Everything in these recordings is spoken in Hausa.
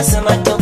asma ta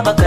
about that.